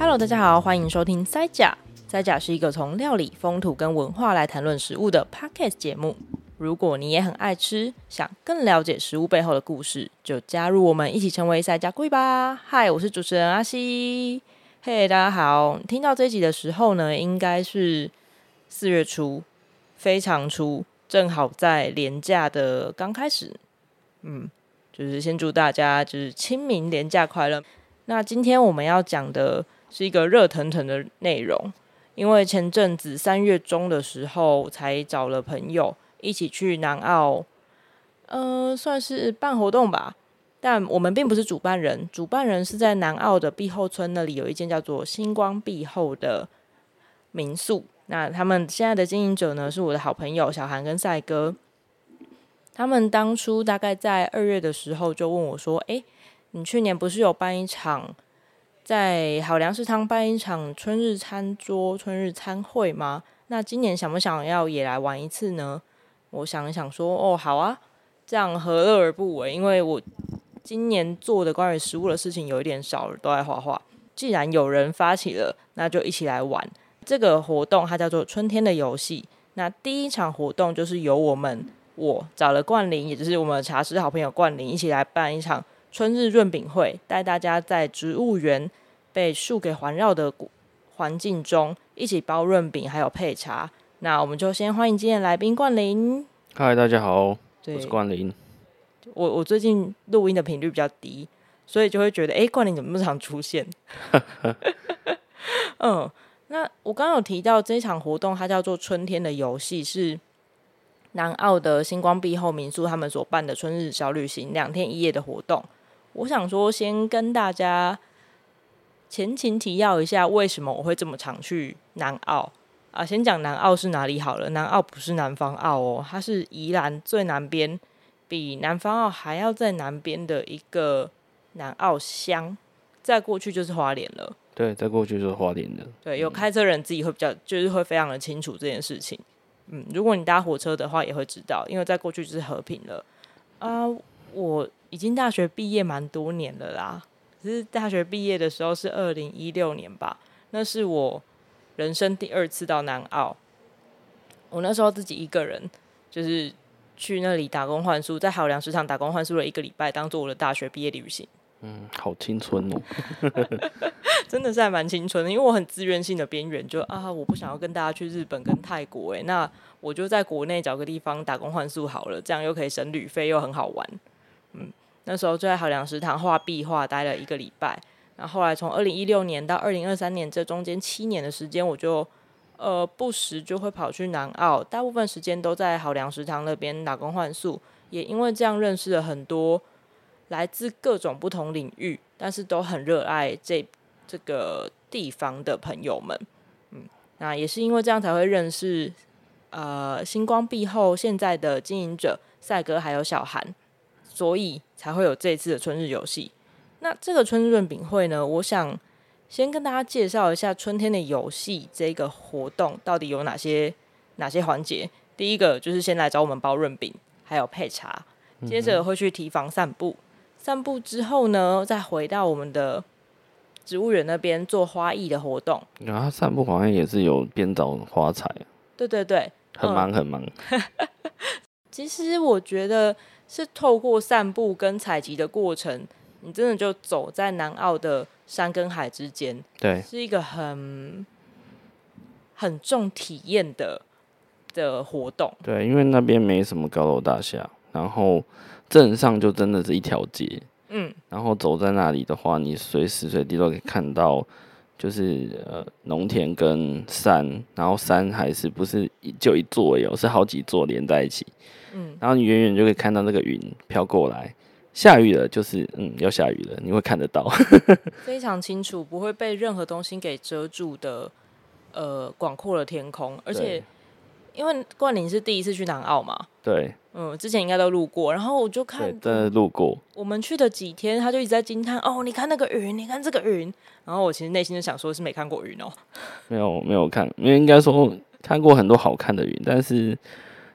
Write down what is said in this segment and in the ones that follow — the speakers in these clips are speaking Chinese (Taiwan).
Hello，大家好，歡迎收聽塞《塞呷》。《塞呷》是一個從料理、風土跟文化來談論食物的 podcast 節目。如果你也很愛吃，想更了解食物背後的故事，就加入我們一起成為《塞呷》鬼吧。Hi，我是主持人阿吸。Hey，大家好。聽到這一集的時候呢，應該是四月初，非常初，正好在連假的剛開始。嗯，就是先祝大家就是清明連假快樂。那今天我們要講的是一個熱騰騰的內容，因為前陣子三月中的時候，才找了朋友一起去南澳，呃，算是辦活動吧，但我們並不是主辦人，主辦人是在南澳的碧後村那裡有一間叫做“星光碧後”的民宿，那他們現在的經營者呢是我的好朋友小韓跟賽哥，他們當初大概在二月的時候就問我說：“哎，你去年不是有辦一場？”在好糧食湯辦一場春日餐桌、春日餐會嗎？那今年想不想要也來玩一次呢？我想了想說，哦，好啊，這樣何樂而不為？因為我今年做的關於食物的事情有一點少，都愛畫畫。既然有人發起了，那就一起來玩這個活動。它叫做春天的遊戲。那第一場活動就是由我們，我找了冠麟，也就是我們的茶師好朋友冠麟一起來辦一場。春日潤餅會帶大家在植物園被樹給環繞的環境中一起包潤餅，還有配茶。那我們就先歡迎今天來賓冠麟。Hi，大家好，我是冠麟。我我最近錄音的頻率比較低，所以就會覺得哎、欸，冠麟怎麼不常出現？ 嗯，那我剛剛有提到這場活動，它叫做春天的遊戲，是南澳的星光碧後民宿他們所辦的春日小旅行兩天一夜的活動。我想說，先跟大家前情提要一下，為什麼我會這麼常去南澳啊？先講南澳是哪裡好了。南澳不是南方澳哦，它是宜蘭最南邊，比南方澳還要在南邊的一個南澳鄉。再過去就是花蓮了。對，再過去就是花蓮了。對，有開車人自己會比較，就是會非常的清楚這件事情。嗯，如果你搭火車的話，也會知道，因為再過去就是和平了。啊。我已經大學畢業蠻多年了啦，可是大學畢業的時候是二零一六年吧，那是我人生第二次到南澳。我那時候自己一個人，就是去那裡打工換宿，在好糧食堂打工換宿了一個禮拜，當做我的大學畢業旅行。嗯，好青春哦， 真的是還蠻青春的，因為我很自願性的邊緣，就啊，我不想要跟大家去日本跟泰國，欸，那我就在國內找個地方打工換宿好了，這樣又可以省旅費，又很好玩。嗯，那時候就在好良食堂畫壁畫待了一個禮拜，那後來從二零一六年到二零二三年這中間七年的時間，我就呃不時就會跑去南澳，大部分時間都在好良食堂那邊打工換宿，也因為這樣認識了很多來自各種不同領域，但是都很熱愛這這個地方的朋友們。嗯，那也是因為這樣才會認識呃星光碧後現在的經營者賽哥還有小韓。所以才會有這次的春日遊戲。那這個春日潤餅會呢，我想先跟大家介紹一下春天的遊戲這個活動到底有哪些哪些環節。第一個就是先來找我們包潤餅，還有配茶，接着會去堤防散步。散步之後呢，再回到我們的植物園那邊做花藝的活動。啊，散步好像也是有編找花材。對對對，很忙很忙。嗯、 其實我覺得。是透過散步跟採集的過程，你真的就走在南澳的山跟海之間。對，是一個很很重體驗的的活動。對，因為那邊沒什麼高樓大廈，然後鎮上就真的是一條街。嗯，然後走在那裡的話，你隨時隨地都可以看到。就是呃，農田跟山，然後山還是不是就一座有，是好幾座連在一起。嗯，然後你遠遠就可以看到那個雲飄過來，下雨了，就是嗯要下雨了，你會看得到， 非常清楚，不會被任何東西給遮住的呃廣闊的天空，而且。因為冠麟是第一次去南澳嘛，對，嗯，之前應該都路過，然後我就看，對，路過。我們去的幾天，他就一直在驚嘆：“哦，你看那個雲，你看這個雲。”然後我其實內心就想說：“是沒看過雲哦，沒有沒有看，因為應該說看過很多好看的雲，但是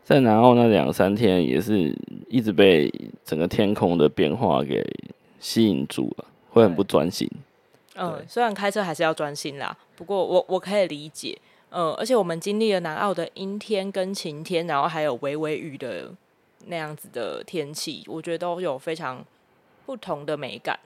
在南澳那兩三天，也是一直被整個天空的變化給吸引住了，會很不專心。嗯，雖然開車還是要專心啦，不過我我可以理解。”嗯、呃，而且我們經歷了南澳的陰天跟晴天，然後還有微微雨的那樣子的天氣，我覺得都有非常不同的美感。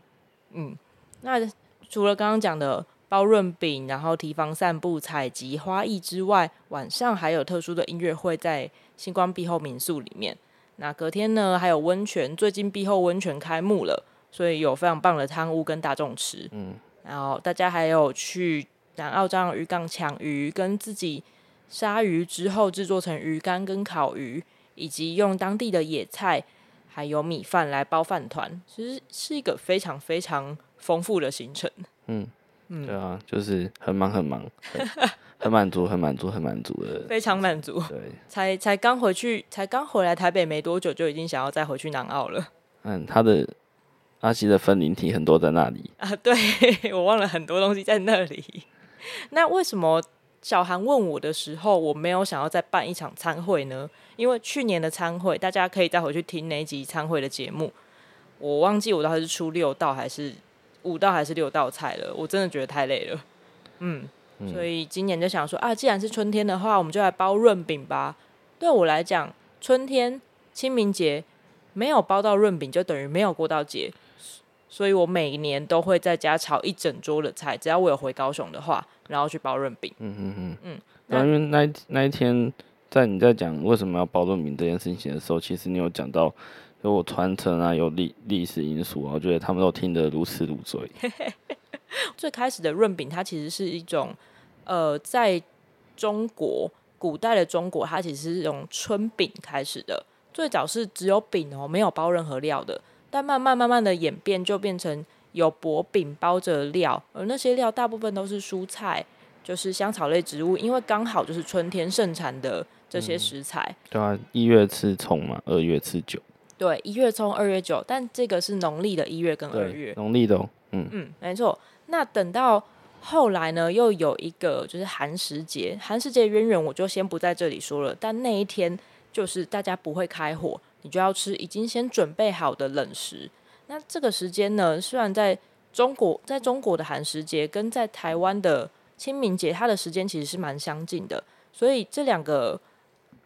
嗯，那除了剛剛講的包潤餅，然後堤防散步、採集花藝之外，晚上還有特殊的音樂會，在星光碧後民宿裡面。那隔天呢，還有溫泉，最近碧後溫泉開幕了，所以有非常棒的湯屋跟大眾池。嗯，然後大家還有去。南澳這樣漁港搶魚，跟自己殺魚之後製作成魚乾跟烤魚，以及用當地的野菜還有米飯來包飯糰，其實是一個非常非常豐富的行程。嗯，對啊，就是很忙很忙， 很滿足很滿足很滿足的，非常滿足。對，才才剛回去，才剛回來台北沒多久，就已經想要再回去南澳了。嗯，他的阿吸的分靈體很多在那裡啊，對，我忘了很多東西在那裡。那為什麼小韓問我的時候，我沒有想要再辦一場餐會呢？因為去年的餐會，大家可以再回去聽哪一集餐會的節目。我忘記我到底是出六道還是五道還是六道菜了。我真的覺得太累了，嗯。所以今年就想說啊，既然是春天的話，我們就來包潤餅吧。對我來講，春天清明節沒有包到潤餅，就等於沒有過到節。所以我每年都會在家炒一整桌的菜，只要我有回高雄的話。然後去包潤餅，嗯嗯嗯嗯。那因為那，那一天，在你在講為什麼要包潤餅這件事情的時候，其實你有講到如果傳承啊，有歷歷史因素啊，我覺得他們都聽得如痴如醉。 最開始的潤餅它其實是一種呃，在中國古代的中國，它其實是從春餅開始的，最早是只有餅哦、喔，沒有包任何料的，但慢慢慢慢的演變就變成。有薄餅包着的料，而、呃、那些料大部分都是蔬菜，就是香草類植物，因為剛好就是春天盛產的這些食材。對、嗯、啊，一月吃蔥嘛，二月吃韭。對，一月蔥，二月韭。但這個是農曆的一月跟二月，農曆的、哦。嗯嗯，沒錯。那等到後來呢，又有一個就是寒食節，寒食節淵源我就先不在這裡說了。但那一天就是大家不會開火，你就要吃已經先準備好的冷食。那這個時間呢，雖然在中國，在中國的寒食節跟在台灣的清明節，它的時間其實是蠻相近的。所以這兩個，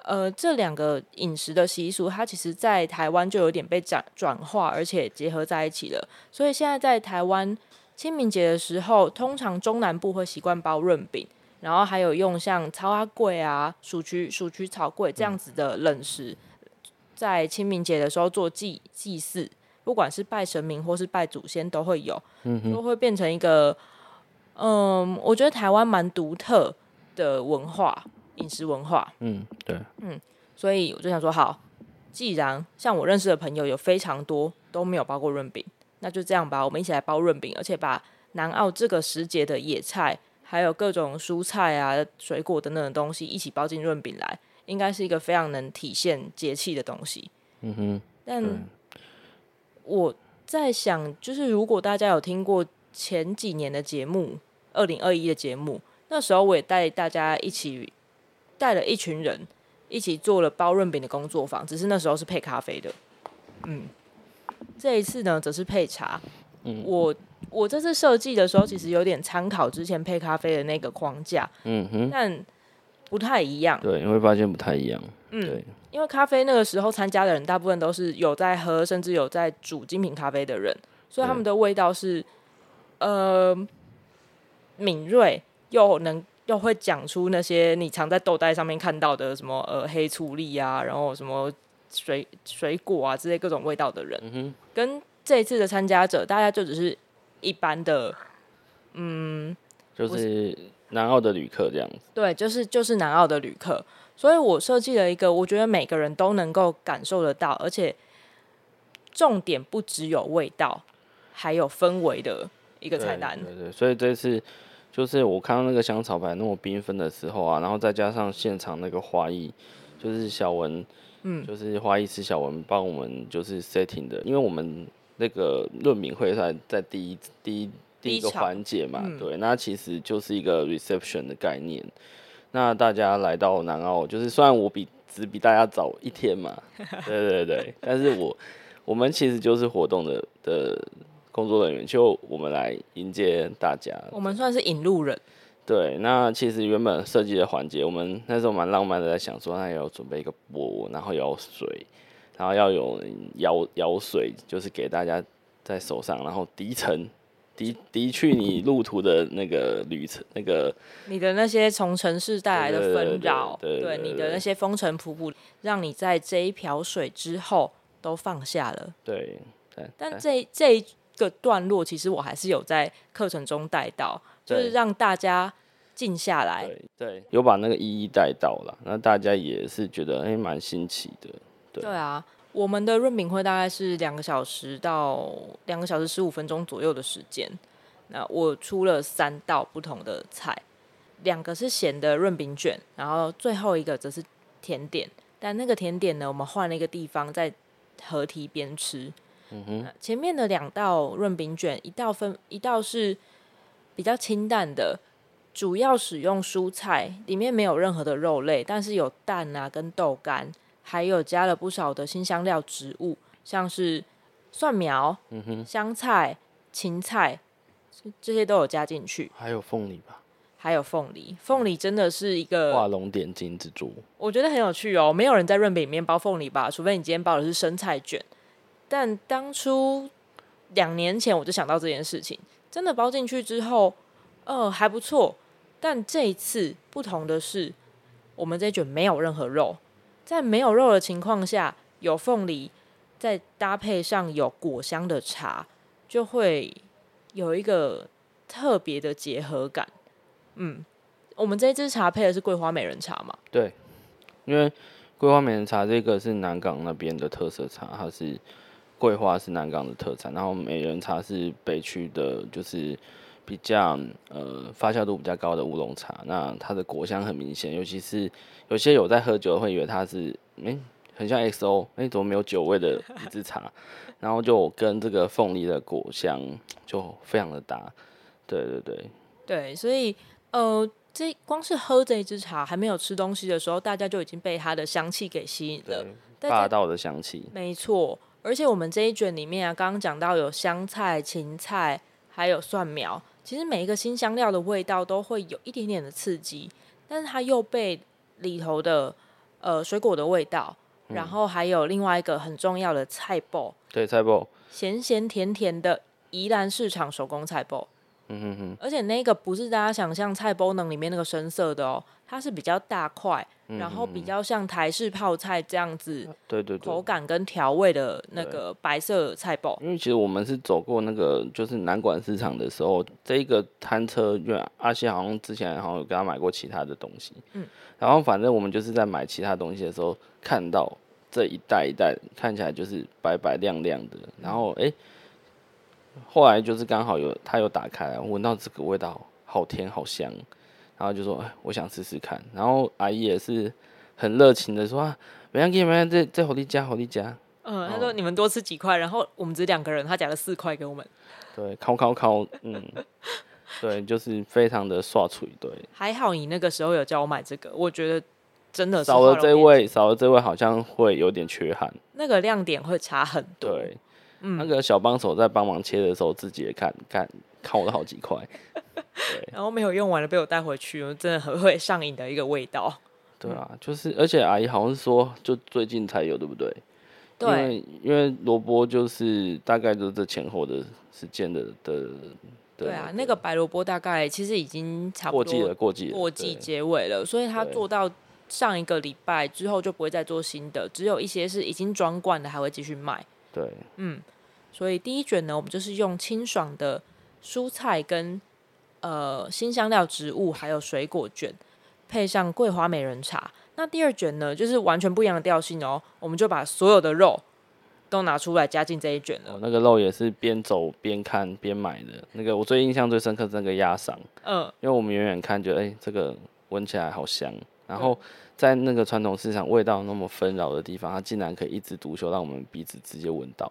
呃，這兩個飲食的習俗，它其實，在台灣就有點被轉轉化，而且結合在一起了。所以現在在台灣清明節的時候，通常中南部會習慣包潤餅，然後還有用像草仔粿啊、鼠麴、鼠麴草粿這樣子的冷食，嗯、在清明節的時候做祭祭祀。不管是拜神明或是拜祖先，都會有、嗯，都會變成一個，嗯、呃，我覺得台灣蠻獨特的文化，飲食文化，嗯，對，嗯，所以我就想說，好，既然像我認識的朋友有非常多都沒有包過潤餅，那就這樣吧，我們一起來包潤餅，而且把南澳這個時節的野菜，還有各種蔬菜啊、水果等等的東西一起包進潤餅來，應該是一個非常能體現節氣的東西，嗯哼，但。嗯我在想，就是如果大家有聽過前幾年的節目，二零二一的節目，那時候我也帶大家一起帶了一群人一起做了包潤餅的工作坊，只是那時候是配咖啡的，嗯，這一次呢則是配茶。我我這次設計的時候，其實有點參考之前配咖啡的那個框架，嗯哼，但。不太一樣，對，你會發現不太一樣。嗯，對，因為咖啡那個時候參加的人，大部分都是有在喝，甚至有在煮精品咖啡的人，所以他們的味道是呃敏銳，又能又會講出那些你常在豆袋上面看到的什麼呃黑醋栗啊，然後什麼水水果啊之類各種味道的人，嗯、跟這一次的參加者，大家就只是一般的，嗯，就是。南澳的旅客這樣子，對，就是就是南澳的旅客，所以我設計了一個，我覺得每個人都能夠感受得到，而且重點不只有味道，還有氛圍的一個菜單。對，對對，所以這次就是我看到那個香草牌那麼繽紛的時候啊，然後再加上現場那個花藝，就是小文，嗯，就是花藝師小文幫我們就是 setting 的，因為我們那個潤餅會在在第一第一。第一個環節嘛、嗯，對，那其實就是一個 reception 的概念。那大家來到南澳，就是雖然我比只比大家早一天嘛，嗯、對對對，但是我 我們其實就是活動的的工作人員，就我們來迎接大家。我們算是引路人。對，那其實原本設計的環節，我們那時候蠻浪漫的，在想說，那要準備一個缽，然後有水，然後要有舀舀水，就是給大家在手上，然後滴層。的確，的去你路途的那個旅程，那個你的那些從城市帶來的紛擾，對，對，對，對，對，對，對，對，對你的那些風塵僕僕，讓你在這一瓢水之後都放下了。對，對。但這這一個段落，其實我還是有在課程中帶到，就是讓大家靜下來。對，對有把那個一一帶到了，那大家也是覺得哎，蠻新奇的。對，對啊。我們的潤餅會大概是兩個小時到兩個小時十五分鐘左右的時間。那我出了三道不同的菜，兩個是鹹的潤餅卷，然後最後一個則是甜點。但那個甜點呢，我們換了一個地方在河堤邊吃、嗯哼。前面的兩道潤餅卷一道分一道是比較清淡的，主要使用蔬菜，裡面沒有任何的肉類，但是有蛋啊跟豆干。還有加了不少的辛香料植物，像是蒜苗、嗯哼、香菜、芹菜，這些都有加進去。還有鳳梨吧？還有鳳梨，鳳梨真的是一個畫龍點睛之珠。我覺得很有趣哦，沒有人在潤餅裡面包鳳梨吧？除非你今天包的是生菜卷。但當初兩年前我就想到這件事情，真的包進去之後，呃，還不錯。但這一次不同的是，我們這卷沒有任何肉。在沒有肉的情況下，有鳳梨，再搭配上有果香的茶，就會有一個特別的結合感。嗯，我們這一支茶配的是桂花美人茶嘛？對，因為桂花美人茶這個是南港那邊的特色茶，它是桂花是南港的特產，然後美人茶是北區的，就是。比較呃發酵度比較高的烏龍茶，那它的果香很明顯，尤其是有些有在喝酒的會以為它是嗯、欸、很像 XO 哎、欸、怎麼沒有酒味的一支茶， 然後就跟這個鳳梨的果香就非常的搭，對對對對，所以呃這光是喝這一支茶還沒有吃東西的時候，大家就已經被它的香氣給吸引了，霸道的香氣，沒錯，而且我們這一卷裡面啊，剛剛講到有香菜、芹菜還有蒜苗。其實每一個辛香料的味道都會有一點點的刺激，但是它又被裡頭的呃水果的味道、嗯，然後還有另外一個很重要的菜脯，對，菜脯，鹹鹹甜甜的宜蘭市場手工菜脯。而且那個不是大家想象菜脯裡面那個深色的哦，它是比較大塊，然後比較像台式泡菜這樣子。啊、對對對，口感跟調味的那個白色菜脯。因為其實我們是走過那個就是南館市場的時候，這一個攤車，因為阿吸好像之前好像有給他買過其他的東西，嗯，然後反正我們就是在買其他東西的時候看到這一袋一袋看起來就是白白亮亮的，嗯、然後哎。欸後來就是剛好有他有打開，聞到這個味道好甜好香，然後就說我想試試看。然後阿姨也是很熱情的說：“馬、啊、上給你們再這火力加火力加。”嗯，他說你們多吃幾塊。然後我們只兩個人，他夾了四塊給我們。對，考考考，嗯， 對，就是非常的刷出一堆。還好你那個時候有叫我買這個，我覺得真的是少了這位，少了這位好像會有點缺憾。那個亮點會差很多。對。嗯、那個小幫手在幫忙切的時候，自己也看看看我的好幾塊， 然後沒有用完了被我帶回去，真的很會上癮的一個味道。對啊，就是而且阿姨好像是說，就最近才有對不對？對，因為蘿蔔就是大概就是這前後的時間的的，的。對啊，對那個白蘿蔔大概其實已經差不多過季了，過季了過季結尾了，所以它做到上一個禮拜之後就不會再做新的，只有一些是已經裝罐的還會繼續賣。對，嗯，所以第一卷呢，我們就是用清爽的蔬菜跟呃辛香料植物，還有水果卷，配上桂花美人茶。那第二卷呢，就是完全不一樣的調性哦、喔，我們就把所有的肉都拿出來加進這一卷了、哦。那個肉也是邊走邊看邊買的，那個我最印象最深刻的那個鴨賞，嗯，因為我們遠遠看覺得，哎、欸，這個聞起來好香。然後在那個傳統市場，味道那麼紛擾的地方，它竟然可以一枝獨秀，讓我們鼻子直接聞到，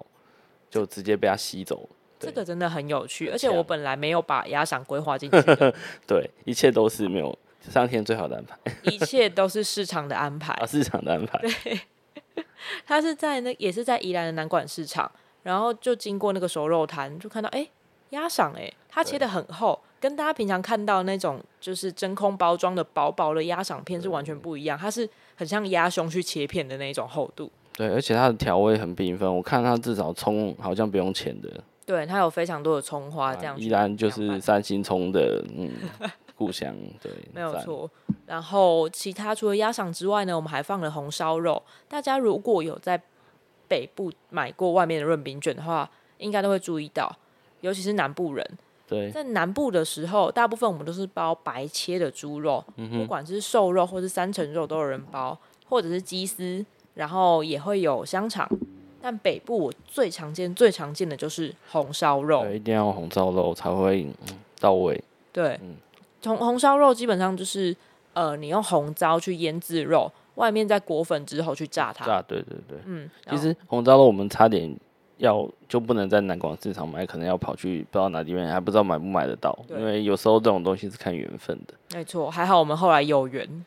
就直接被它吸走。這個真的很有趣，而且我本來沒有把鴨賞規劃進去。 對，一切都是沒有上天最好的安排， 一切都是市場的安排 啊，市場的安排。對， 他是在那也是在宜蘭的南館市場，然後就經過那個熟肉攤，就看到哎鴨賞、欸，哎，它切得很厚。跟大家平常看到的那種就是真空包裝的薄薄的鴨賞片是完全不一樣，它是很像鴨胸去切片的那種厚度。對，而且它的調味很繽紛，我看它至少蔥好像不用錢的。對，它有非常多的蔥花，這、啊、樣依然就是三星蔥的，嗯， 故鄉對，沒有錯。然後其他除了鴨賞之外呢，我們還放了紅燒肉。大家如果有在北部買過外面的潤餅卷的話，應該都會注意到，尤其是南部人。在南部的時候，大部分我們都是包白切的豬肉、嗯，不管是瘦肉或是三層肉都有人包，或者是雞絲，然後也會有香腸。但北部我最常見、最常見的就是紅燒肉。對，一定要用紅燒肉才會到位。對，從紅燒肉基本上就是呃，你用紅糟去醃製肉，外面再裹粉之後去炸它。炸，對對對。嗯，其實紅燒肉我們差點。要就不能在南館市場買，可能要跑去不知道哪地方，還不知道買不買得到。因為有時候這種東西是看緣分的。沒錯，還好我們後來有緣，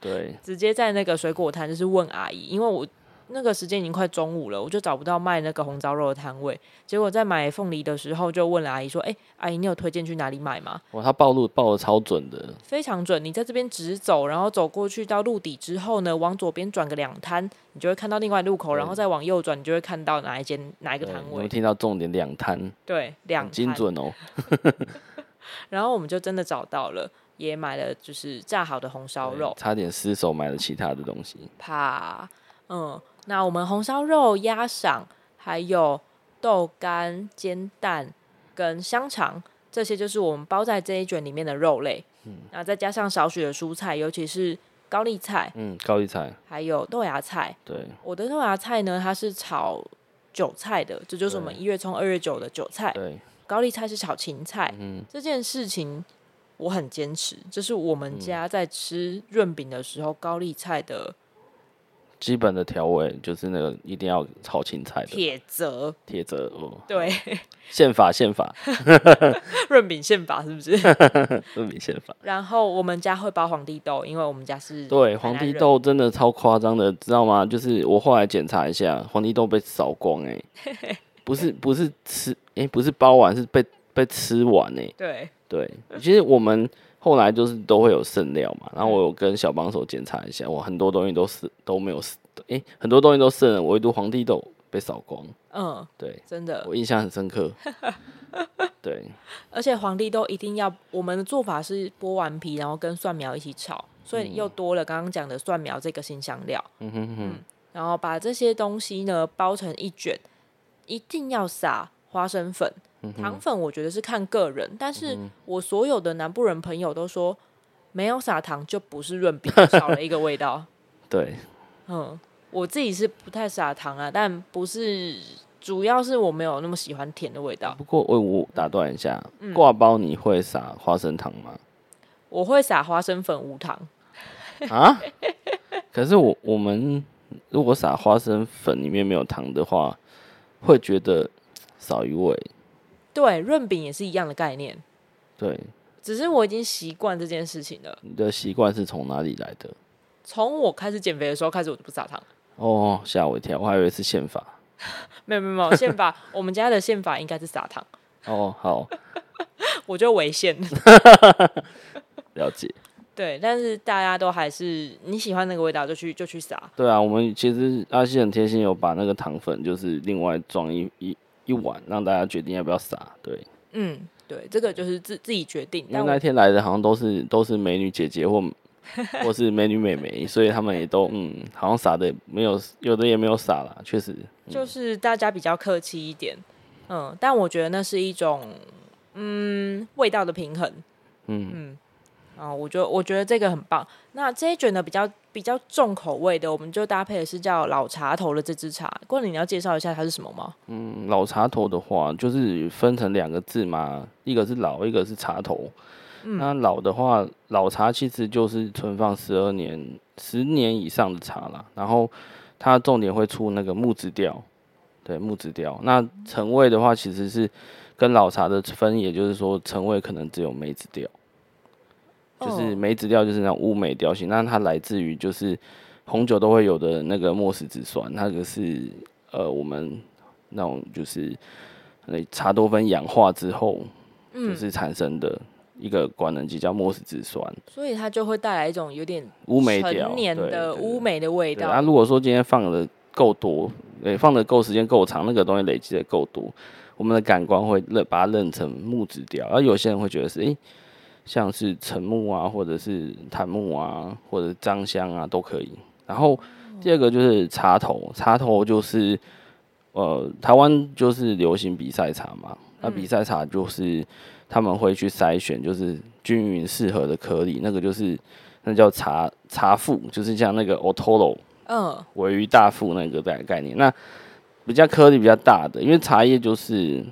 對，直接在那個水果攤就是問阿姨，因為我。那個時間已經快中午了，我就找不到賣那個紅燒肉的攤位。結果在買鳳梨的時候，就問了阿姨說：“哎、欸，阿姨，你有推薦去哪裡買嗎？”哇，他報路報得超準的，非常準。你在這邊直走，然後走過去到路底之後呢，往左邊轉個兩攤，你就會看到另外路口，然後再往右轉，你就會看到哪一間哪一個攤位。我、呃、們聽到重點兩攤，對兩攤。很精準哦。 然後我們就真的找到了，也買了就是炸好的紅燒肉，差點失手買了其他的東西，怕嗯。那我們紅燒肉、鴨賞，還有豆干、煎蛋跟香腸，這些就是我們包在這一卷裡面的肉類。嗯，那再加上少許的蔬菜，尤其是高麗菜。嗯，高麗菜，還有豆芽菜。對，我的豆芽菜呢，它是炒韭菜的，這就，就是我們一月蔥二月九的韭菜。對，高麗菜是炒芹菜。嗯，這件事情我很堅持，這、就是我們家在吃潤餅的時候高麗菜的。基本的調味就是那個一定要炒青菜的鐵則，鐵則哦，對，憲法憲法，潤餅憲法，是不是潤餅憲法？然後我們家會包皇帝豆，因為我們家是南南對皇帝豆真的超誇張的，知道嗎？就是我後來檢查一下，皇帝豆被掃光哎、欸， 不是不是吃哎、欸，不是包完是被被吃完哎、欸，對對，其實我們。後來就是都會有剩料嘛，然後我有跟小幫手檢查一下，我很多東西都是都沒有剩，哎、欸，很多東西都剩了，唯獨皇帝豆被掃光。嗯，對，真的，我印象很深刻。 對，而且皇帝豆一定要，我們的做法是剝完皮，然後跟蒜苗一起炒，所以又多了剛剛講的蒜苗這個辛香料。嗯哼哼嗯，然後把這些東西呢包成一卷，一定要撒花生粉，糖粉我覺得是看個人，但是我所有的南部人朋友都說，沒有撒糖就不是潤餅，少了一個味道。 對，嗯，我自己是不太撒糖啊，但不是，主要是我沒有那麼喜歡甜的味道。不過我我打斷一下，嗯，刈包你會撒花生糖嗎？我會撒花生粉無糖 啊，可是我我們如果撒花生粉裡面沒有糖的話，會覺得少一味。對，潤餅也是一樣的概念。對，只是我已經習慣這件事情了。你的習慣是從哪裡來的？從我開始減肥的時候開始，我就不撒糖。哦，嚇我一跳，我還以為是憲法 沒。沒有沒有沒有憲法， 我們家的憲法應該是撒糖。哦、oh，好， 我就違憲了。 了解。對，但是大家都還是你喜歡那個味道就，就去就去撒。對啊，我們其實阿吸很貼心，有把那個糖粉就是另外裝一一。一一碗讓大家決定要不要撒，對，嗯，對，這個就是自自己決定。因為那天來的好像都是都是美女姐姐或 或是美女美眉，所以他們也都嗯，好像撒的也沒有，有的也沒有撒啦，確實、嗯。就是大家比較客氣一點，嗯，但我覺得那是一種嗯味道的平衡，嗯嗯啊，我覺得我覺得這個很棒。那這一卷呢比較比較重口味的，我們就搭配的是叫老茶頭的這支茶。冠麟，你要介紹一下它是什麼嗎？嗯，老茶頭的話，就是分成兩個字嘛，一個是老，一個是茶頭。嗯、那老的話，老茶其實就是存放十二年、十年以上的茶啦。然後它重點會出那個木質調，對，木質調。那陳味的話，其實是跟老茶的分，也就是說陳味可能只有梅子調。就是梅子調，就是那種烏梅調性。那它來自於就是紅酒都會有的那個沒食子酸，那個是呃我們那種就是那茶多酚氧化之後，就是產生的一個官能基叫沒食子酸，嗯。所以它就會帶來一種有點烏梅調、陳年的烏梅的味道。那、啊、如果說今天放的夠多，哎、欸，放的夠時間夠長，那個東西累積的夠多，我們的感官會認把它認成木質調。而有些人會覺得是哎。欸像是沉木啊，或者是檀木啊，或者樟香啊，都可以。然後第二個就是茶頭，茶頭就是呃，台灣就是流行比賽茶嘛。那比賽茶就是他們會去篩選，就是均勻適合的顆粒，那個就是那個、叫茶茶腹，就是像那個 otoro，嗯，鮪魚大腹那個概念。那比較顆粒比較大的，因為茶葉就是。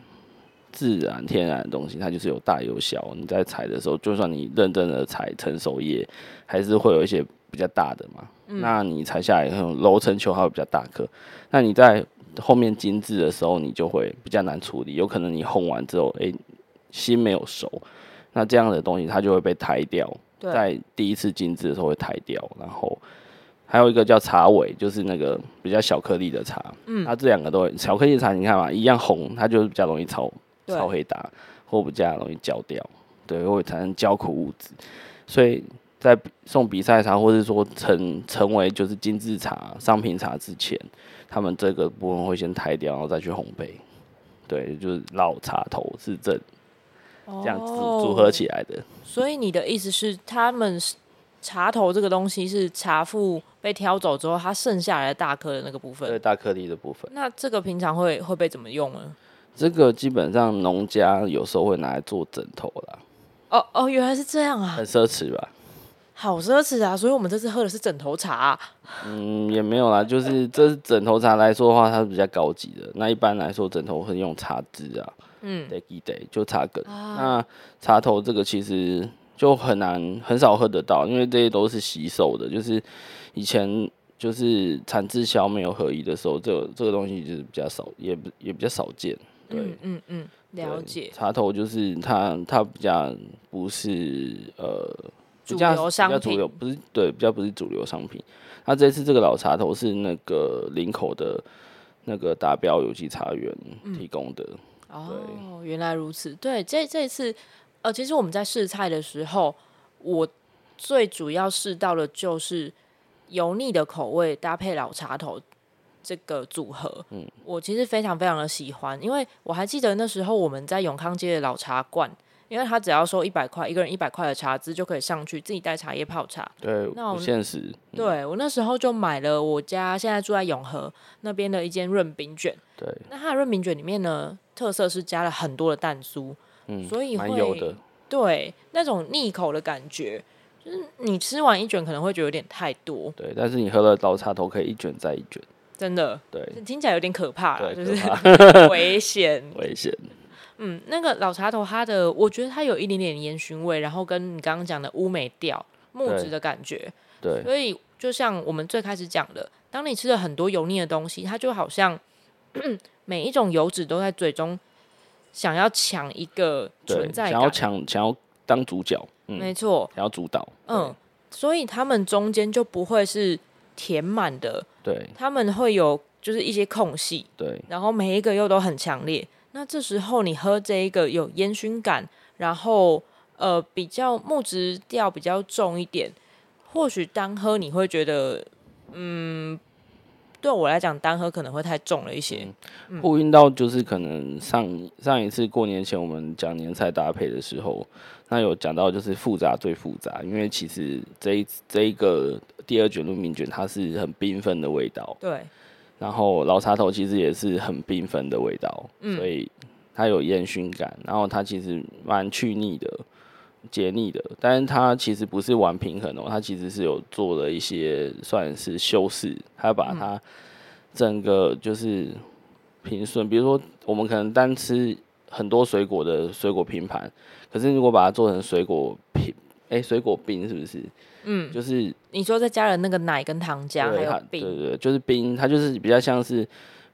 自然天然的東西，它就是有大有小。你在採的時候，就算你認真的採成熟葉，還是會有一些比較大的嘛。嗯、那你採下來揉成球，還會比較大顆。那你在後面精緻的時候，你就會比較難處理。有可能你烘完之後，哎、欸，心沒有熟，那這樣的東西它就會被抬掉。在第一次精緻的時候會抬掉。然後還有一個叫茶尾，就是那個比較小顆粒的茶。嗯，它這兩個都會小顆粒的茶，你看嘛，一樣烘，它就比較容易炒。超黑打，或不加容易焦掉，對，會產生焦苦物質。所以在送比賽茶，或者說成成為就是精致茶、商品茶之前，他們這個部分會先抬掉，然後再去烘焙，對，就是老茶頭是這，oh, 這樣子組合起來的。所以你的意思是，他們是茶頭這個東西是茶副被挑走之後，它剩下來的大顆的那個部分，對，大顆粒的部分。那這個平常會會被怎麼用呢？這個基本上農家有時候會拿來做枕頭啦。哦哦，原來是這樣啊！很奢侈吧？好奢侈啊！所以我們這次喝的是枕頭茶。嗯，也沒有啦，就是這是枕頭茶來說的話，它是比較高級的。那一般來說，枕頭會用茶枝啊，嗯得 a 得 day 就茶梗。那茶頭這個其實就很難很少喝得到，因為這些都是稀少的，就是以前就是產制銷沒有合一的時候，這個這個東西就是比較少，也也比較少見。對，嗯嗯，了解。茶頭就是它，它比較不是呃，比較比較主流，不是對，比較不是主流商品。那這次這個老茶頭是那個林口的那個達標有機茶園提供的。嗯、哦，原來如此。對，這這一次，呃，其實我們在試菜的時候，我最主要試到的就是油膩的口味搭配老茶頭。這個組合，嗯，我其實非常非常的喜歡，因為我還記得那時候我們在永康街的老茶館，因為他只要收一百塊，一個人一百塊的茶資就可以上去自己帶茶葉泡茶。對，那我現實，對、嗯、我那時候就買了我家現在住在永和那邊的一間潤餅卷。對，那它的潤餅卷裡面呢，特色是加了很多的蛋酥，嗯，所以會有的，對，那種膩口的感覺，就是你吃完一卷可能會覺得有點太多。對，但是你喝了老茶頭，可以一卷再一卷。真的，對，聽起來有點可怕了，是，就是， 危險，危險。嗯，那個老茶頭他的，它的我覺得它有一點點煙燻味，然後跟你剛剛講的烏梅調木質的感覺。對，對。所以就像我們最開始講的，當你吃了很多油膩的東西，它就好像每一種油脂都在嘴中想要搶一個存在感。對，想要搶，想要當主角。嗯，沒錯，想要主導。嗯，所以他們中間就不會是。填滿的，對，他們會有就是一些空隙，對，然後每一個又都很強烈。那這時候你喝這一個有煙燻感，然後呃比較木質調比較重一點，或許單喝你會覺得，嗯，對我來講單喝可能會太重了一些。嗯嗯、呼應到就是可能上上一次過年前我們講年菜搭配的時候。那有講到，就是複雜最複雜，因為其實這一這一個第二卷潤餅捲它是很繽紛的味道，對。然後老茶頭其實也是很繽紛的味道，嗯。所以它有煙燻感，然後它其實蠻去膩的、解膩的，但是它其實不是玩平衡的，它其實是有做了一些算是修飾，它要把它整個就是平順、嗯，比如說我們可能單吃。很多水果的水果拼盤，可是如果把它做成水果拼，哎、欸，水果冰是不是？嗯，就是你說再加了那個奶跟糖漿，還有冰，對對對，就是冰，它就是比較像是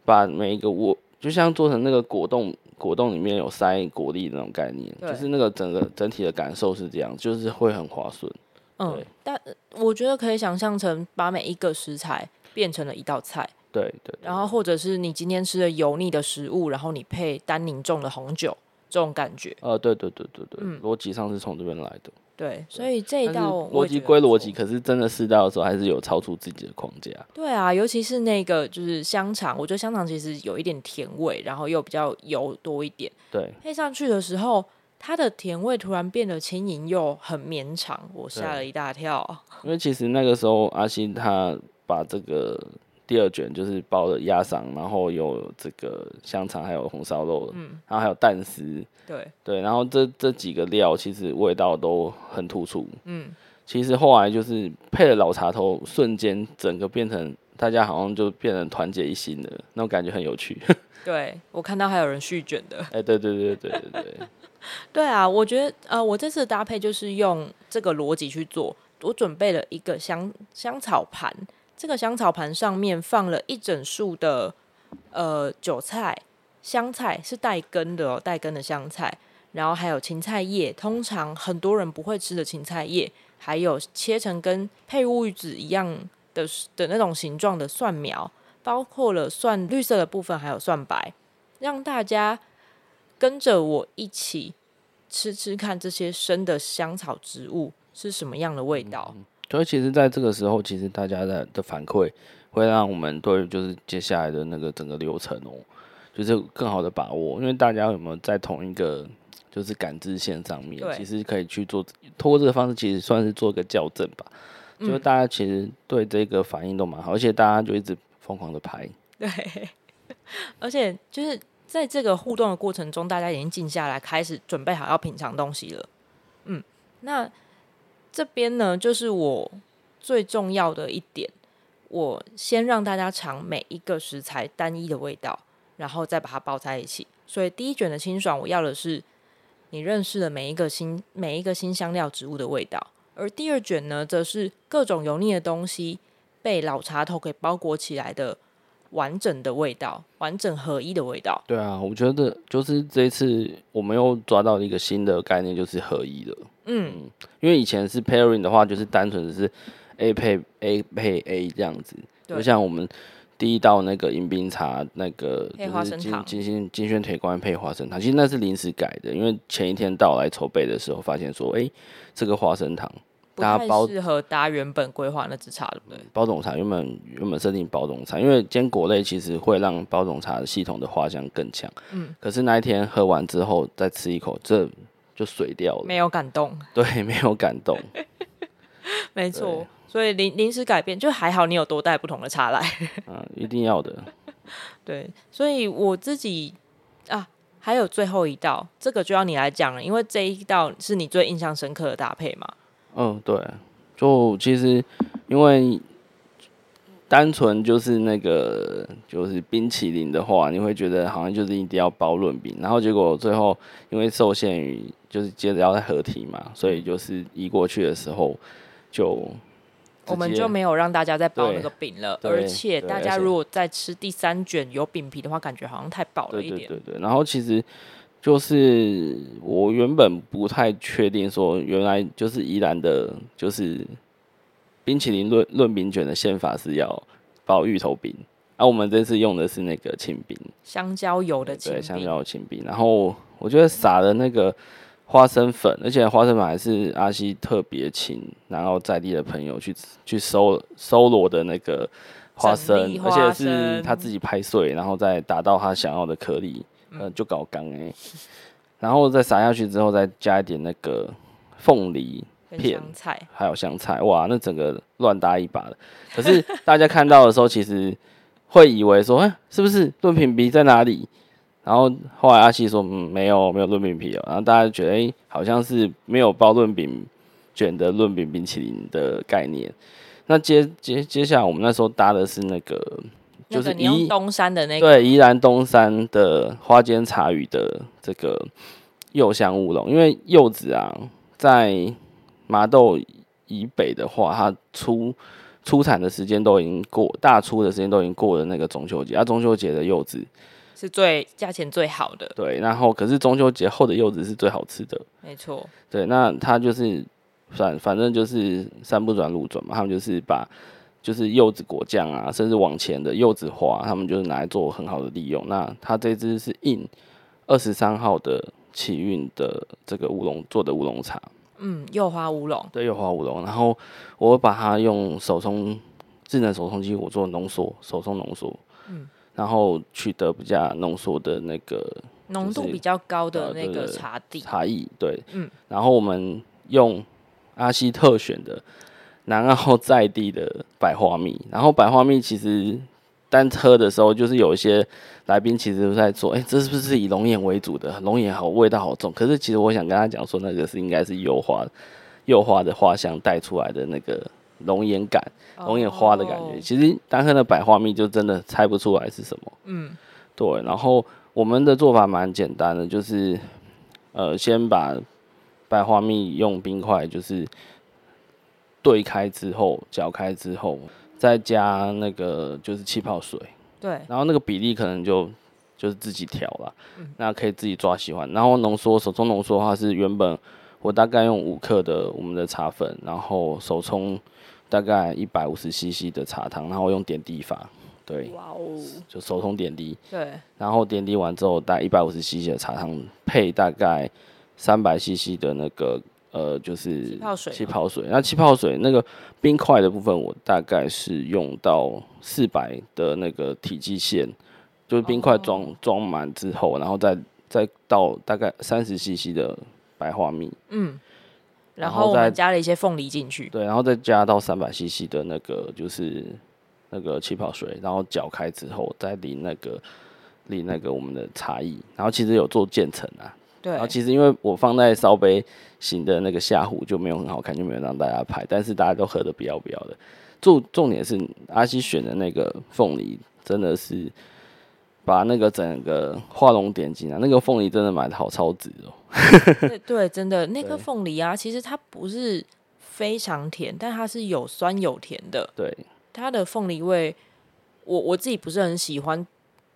把每一個我就像做成那個果凍，果凍裡面有塞果粒的那種概念，就是那個整個整體的感受是這樣，就是會很滑順。嗯，但我覺得可以想象成把每一個食材變成了一道菜。對對，對，然後或者是你今天吃了油膩的食物，然後你配單寧重的紅酒，這種感覺。呃，對對對對對，嗯，邏輯上是從這邊來的。對，所以這一道邏輯歸邏輯，可是真的試到的時候，還是有超出自己的框架。對啊，尤其是那個就是香腸，我覺得香腸其實有一點甜味，然後又比較油多一點。對，配上去的時候，它的甜味突然變得輕盈又很綿長，我嚇了一大跳。因為其實那個時候 阿吸他把這個。第二卷就是包的鴨賞，然後有這個香腸，還有紅燒肉，嗯，然後還有蛋絲，對對，然後這這幾個料其實味道都很突出，嗯，其實後來就是配了老茶頭，瞬間整個變成大家好像就變成團結一心的那種感覺，很有趣。 對我看到還有人續卷的，哎、欸，對對對對對對，對，對， 對啊，我覺得呃，我這次的搭配就是用這個邏輯去做，我準備了一個香香草盤。這個香草盤上面放了一整束的呃韭菜、香菜是帶根的哦，帶根的香菜，然後還有芹菜葉，通常很多人不會吃的芹菜葉，還有切成跟配烏魚子一樣的的、的那種形狀的蒜苗，包括了蒜綠色的部分還有蒜白，讓大家跟着我一起吃吃看這些生的香草植物是什麼樣的味道。所以其實，在這個時候，其實大家的的反饋會讓我們對就是接下來的那個整個流程哦，就是更好的把握，因為大家有沒有在同一個就是感知線上面？對。其實可以去做，通過這個方式，其實算是做一個校正吧。嗯。就是大家其實對這個反應都蠻好，而且大家就一直瘋狂的拍。對。而且就是在這個互動的過程中，大家已經靜下來，開始準備好要品嘗東西了。嗯，那。這邊呢，就是我最重要的一點，我先讓大家嘗每一個食材單一的味道，然後再把它包在一起。所以第一卷的清爽，我要的是你認識的每一個辛每一個辛香料植物的味道，而第二卷呢，則是各種油膩的東西被老茶頭給包裹起來的完整的味道，完整合一的味道。對啊，我覺得就是這一次，我們又抓到一個新的概念，就是合一的、嗯。嗯，因為以前是 pairing 的話，就是單純的是 A 配 A 配 A 這樣子。對。就像我們第一道那個迎賓茶，那個就是金金金萱鐵觀音配花生糖，其實那是臨時改的，因為前一天到來籌備的時候，發現說，哎、欸，這個花生糖。不太適合搭原本規劃那只茶，對不對？包種茶原本原本設定包種茶，因為堅果類其實會讓包種茶系統的花香更強。嗯，可是那一天喝完之後再吃一口，這就水掉了，沒有感動。對，沒有感動， 沒錯。所以臨臨時改變，就還好你有多帶不同的茶來。啊、一定要的。 對，所以我自己啊，還有最後一道，這個就要你來講了，因為這一道是你最印象深刻的搭配嘛。嗯，對，就其實，因為單純就是那個就是冰淇淋的話，你會覺得好像就是一定要包潤餅，然後結果最後因為受限於就是接着要再合體嘛，所以就是移過去的時候就我們就沒有讓大家再包那個餅了，而且大家如果再吃第三卷有餅皮的話，感覺好像太薄了一點，對對對，對，然後其實。就是我原本不太確定，說原來就是宜蘭的，就是冰淇淋潤潤餅卷的憲法是要包芋頭冰，啊，我們這次用的是那個清冰，香蕉油的清冰，香蕉油清冰。然後我覺得撒的那個花生粉、嗯，而且花生粉還是阿吸特別請然後在地的朋友去去收收羅的那個花生，花生，而且是他自己拍碎，然後再打到他想要的顆粒。呃、嗯，就搞干哎，然後再撒下去之後，再加一點那個鳳梨片，還有香菜，哇，那整個亂搭一把的。可是大家看到的時候，其實會以為說，哎、欸，是不是潤餅皮在哪裡？然後後來阿吸說，嗯，沒有，沒有潤餅皮喔。然後大家覺得，哎，好像是沒有包潤餅捲的潤餅冰淇淋的概念。那接接接下來，我們那時候搭的是那個。就是宜、那個、你用東山的那個，對，宜蘭東山的花間茶語的這個柚香烏龍，因為柚子啊，在麻豆以北的話，它出出產的時間都已經過大，出的時間都已經過了那個中秋節，而，啊、中秋節的柚子是最價錢最好的。對，然後可是中秋節後的柚子是最好吃的，沒錯。對，那它就是反反正就是山不轉路轉嘛，他們就是把。就是柚子果醬啊，甚至往前的柚子花，他們就是拿來做很好的利用。那它這支是印二十三號的啟運的這個烏龍做的烏龍茶，嗯，柚花烏龍，對，柚花烏龍。然後我會把它用手沖，智能手沖機，我做濃縮，手沖濃縮，嗯，然後取得比較濃縮的那個濃、就是、度比較高的那個茶底，呃就是、茶藝，對，嗯，然後我們用阿吸特選的。然後在地的百花蜜，然後百花蜜其實單喝的時候，就是有一些來賓其實都在說。哎，這是不是以龍眼為主的？龍眼好味道好重。”可是其實我想跟他講說，那個是應該是柚花，柚花的花香帶出來的那個龍眼感、龍眼花的感覺。Oh. 其實單喝的百花蜜就真的猜不出來是什麼。嗯、mm.，對。然後我們的做法蠻簡單的，就是呃先把百花蜜用冰塊，就是。兌開之後，攪開之後，再加那個就是氣泡水，對，然後那個比例可能就就是自己調了，嗯，那可以自己抓喜歡。然後濃縮，手沖濃縮的話是原本我大概用五克的我們的茶粉，然後手沖大概一百五十 CC 的茶湯，然後用點滴法。對，哇哦，就手沖點滴。對，然後點滴完之後，帶一百五十 CC 的茶湯配大概三百 CC 的那個。呃，就是氣泡水，氣泡水。那氣泡水那個冰塊的部分，我大概是用到四百的那個體積線，就是冰塊裝裝滿之後，然後再再倒大概三十 CC 的白花蜜。嗯，然後再加了一些鳳梨進去。對，然後再加到三百 CC 的那個就是那個氣泡水，然後攪開之後再淋那個淋那個我們的茶液。然後其實有做漸層啊。對，然後啊，其實因為我放在燒杯型的那個下壺就沒有很好看，就沒有讓大家拍。但是大家都喝的不要不要的。重重點是阿吸選的那個鳳梨真的是把那個整個畫龍點睛啊，那個鳳梨真的買的好超值哦，喔。 對對，真的那顆、個、鳳梨啊，其實它不是非常甜，但它是有酸有甜的。對，它的鳳梨味，我我自己不是很喜歡。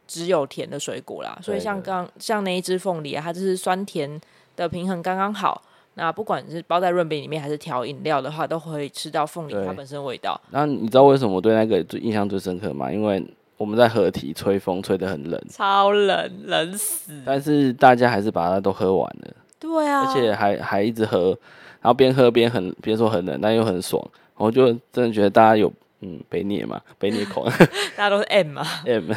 只有甜的水果啦，所以像剛像那一隻鳳梨啊，它就是酸甜的平衡，剛剛好。那不管是包在潤餅裡面，還是調飲料的話，都會吃到鳳梨它本身的味道。那你知道為什麼我對那個最印象最深刻嗎？因為我們在河堤吹風，吹得很冷，超冷，冷死！但是大家還是把它都喝完了，對啊，而且還還一直喝，然後邊喝邊很邊說很冷，但又很爽。我就真的覺得大家有。嗯，被虐嘛，被虐狂， 大家都是 M 啊，M，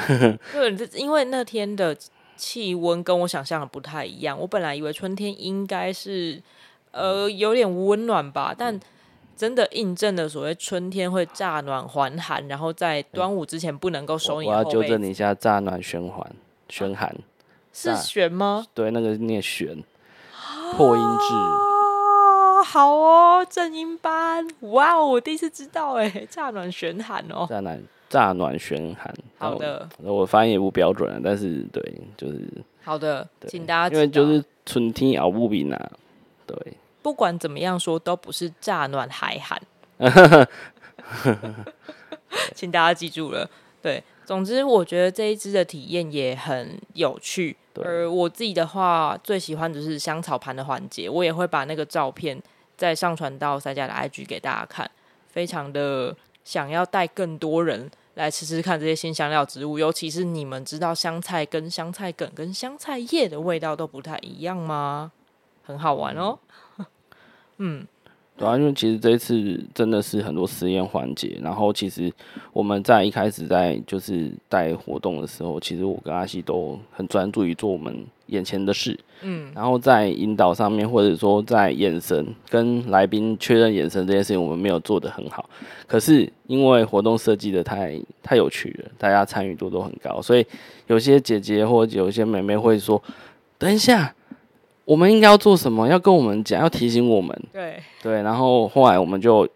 因 為因為那天的氣溫跟我想象的不太一樣，我本來以為春天應該是呃有點溫暖吧，嗯，但真的印證了所謂春天會乍暖還寒，然後在端午之前不能夠收你我。我要糾正你一下，乍暖還寒，還寒、啊，是玄嗎？對，那個念玄，破音字。啊哦好哦，正音班，哇哦，我第一次知道哎，乍暖懸寒哦，乍暖乍暖懸寒，好的，我，我的發音也不標準了，但是對，就是好的，對，請大家因為就是春天熬不平啊，對，不管怎麼樣說都不是乍暖還寒， 請大家記住了，對。總之，我覺得這一支的體驗也很有趣。而我自己的話，最喜歡的是香草盤的環節。我也會把那個照片再上傳到塞呷的 IG 給大家看。非常的想要帶更多人來吃吃看這些新香料植物。尤其是你們知道香菜跟香菜梗跟香菜葉的味道都不太一樣嗎？很好玩哦。 嗯。對啊，因為其實這一次真的是很多實驗環節，然後其實我們在一開始在就是帶活動的時候，其實我跟阿吸都很專注於做我們眼前的事，嗯，然後在引導上面，或者說在眼神跟來賓確認眼神這件事情，我們沒有做得很好，可是因為活動設計的太太有趣了，大家參與度都很高，所以有些姐姐或者有些妹妹會說，等一下。我們應該要做什麼？要跟我們講，要提醒我們。對對，然後後來我們就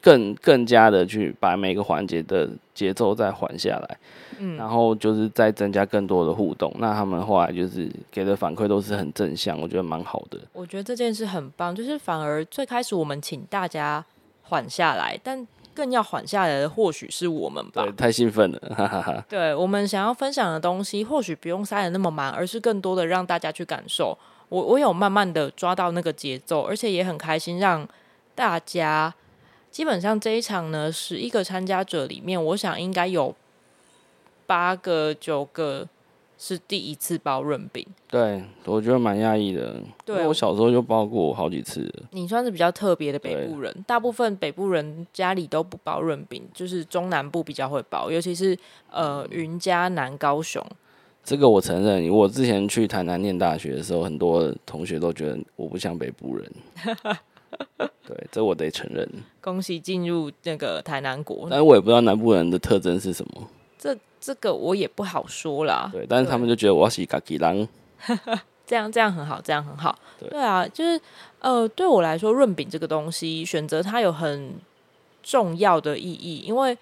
更更加的去把每個環節的節奏再緩下來，嗯，然後就是再增加更多的互動。那他們後來就是給的反饋都是很正向，我覺得蠻好的。我覺得這件事很棒，就是反而最開始我們請大家緩下來，但更要緩下來的或許是我們吧？對，太興奮了，哈哈哈哈。對，我們想要分享的東西，或許不用塞得那麼滿，而是更多的讓大家去感受。我我有慢慢的抓到那個節奏，而且也很開心，讓大家基本上這一場呢，十一個參加者裡面，我想應該有八個九個是第一次包潤餅，對我覺得蠻訝異的。對、啊、因為我小時候就包過好幾次。啊，你算是比較特別的北部人，大部分北部人家裡都不包潤餅，就是中南部比較會包，尤其是呃雲嘉南高雄。這個我承認，我之前去台南念大學的時候，很多同學都覺得我不像北部人。 對，這我得承認。恭喜進入那個台南國。但是我也不知道南部人的特徵是什麼。這這個我也不好說啦。對，但是他們就覺得我是一個家己人。 這樣這樣很好，這樣很好。對，對啊，就是呃，對我來說，潤餅這個東西，選擇它有很重要的意義，因為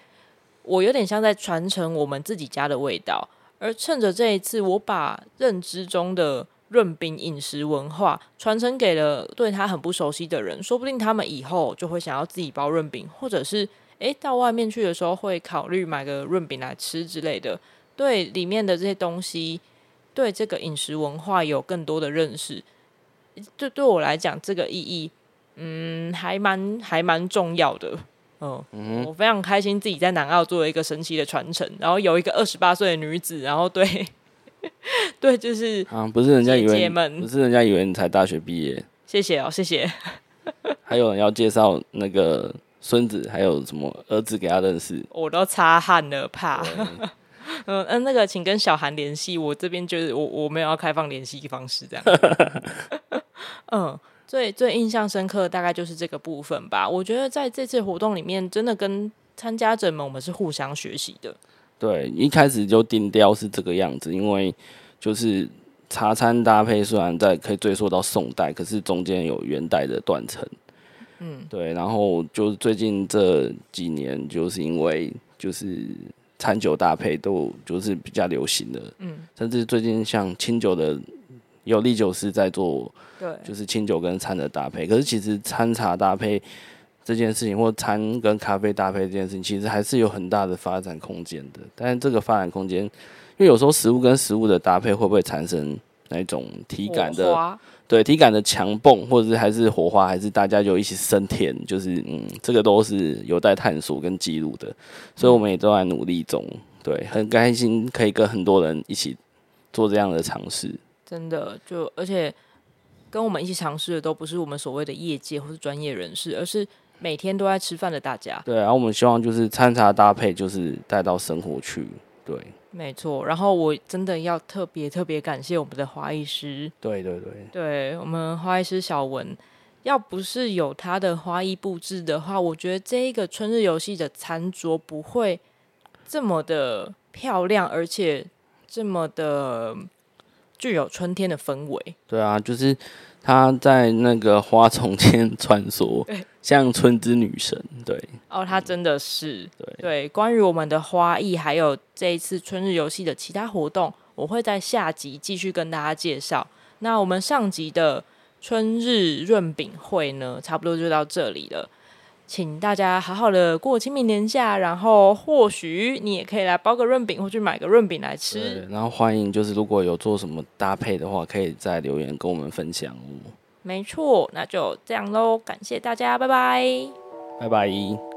我有點像在傳承我們自己家的味道。而趁着這一次，我把認知中的潤餅飲食文化傳承給了對他很不熟悉的人，說不定他們以後就會想要自己包潤餅，或者是誒到外面去的時候會考慮買個潤餅來吃之類的。對裡面的這些東西，對這個飲食文化有更多的認識，對，對我來講，這個意義，嗯，還蠻還蠻重要的。嗯，嗯，我非常開心自己在南澳做了一個神奇的傳承，然後有一個二十八歲的女子，然後對， 對，就是，啊，不是人家以為，姐姐不是人家以為你才大學畢業，謝謝哦，謝謝。還有人要介紹那個孫子，還有什麼兒子給他認識，我都擦汗了，怕。嗯嗯，啊、那個請跟小韓聯繫，我這邊就是我，我沒有要開放聯繫方式這樣。 嗯。最最印象深刻的大概就是這個部分吧。我覺得在這次活動裡面，真的跟參加者們我們是互相學習的。對，一開始就定調是這個樣子，因為就是茶餐搭配雖然在可以追溯到宋代，可是中間有元代的斷層。嗯，對，然後就最近這幾年，就是因為就是餐酒搭配都就是比較流行的。嗯，甚至最近像清酒的。有利酒師在做，對，就是清酒跟餐的搭配。可是其實餐茶搭配這件事情，或餐跟咖啡搭配這件事情，其實還是有很大的發展空間的。但這個發展空間，因為有時候食物跟食物的搭配會不會產生那種體感的？對，體感的強碰，或者是還是火花，還是大家就一起升天，就是嗯，這個都是有待探索跟記錄的。所以我們也都在努力中，對，很開心可以跟很多人一起做這樣的嘗試。真的，就而且跟我們一起嘗試的都不是我們所謂的業界或是專業人士，而是每天都在吃飯的大家。對啊，然後我們希望就是餐茶搭配，就是帶到生活去。對，沒錯。然後我真的要特別特別感謝我們的花藝師。對對對，對我們花藝師小文，要不是有他的花藝布置的話，我覺得這一個春日遊戲的餐桌不會這麼的漂亮，而且這麼的。具有春天的氛圍，對啊，就是他在那個花叢間穿梭，像春之女神，對。哦，她真的是對，對。關於我們的花藝，還有這一次春日遊戲的其他活動，我會在下集繼續跟大家介紹。那我們上集的春日潤餅會呢，差不多就到這裡了。請大家好好的過清明連假，然後或許你也可以來包個潤餅，或去買個潤餅來吃。對，然後歡迎就是如果有做什麼搭配的話，可以在留言跟我們分享哦。沒錯，那就這樣嘍，感謝大家，拜拜，拜拜。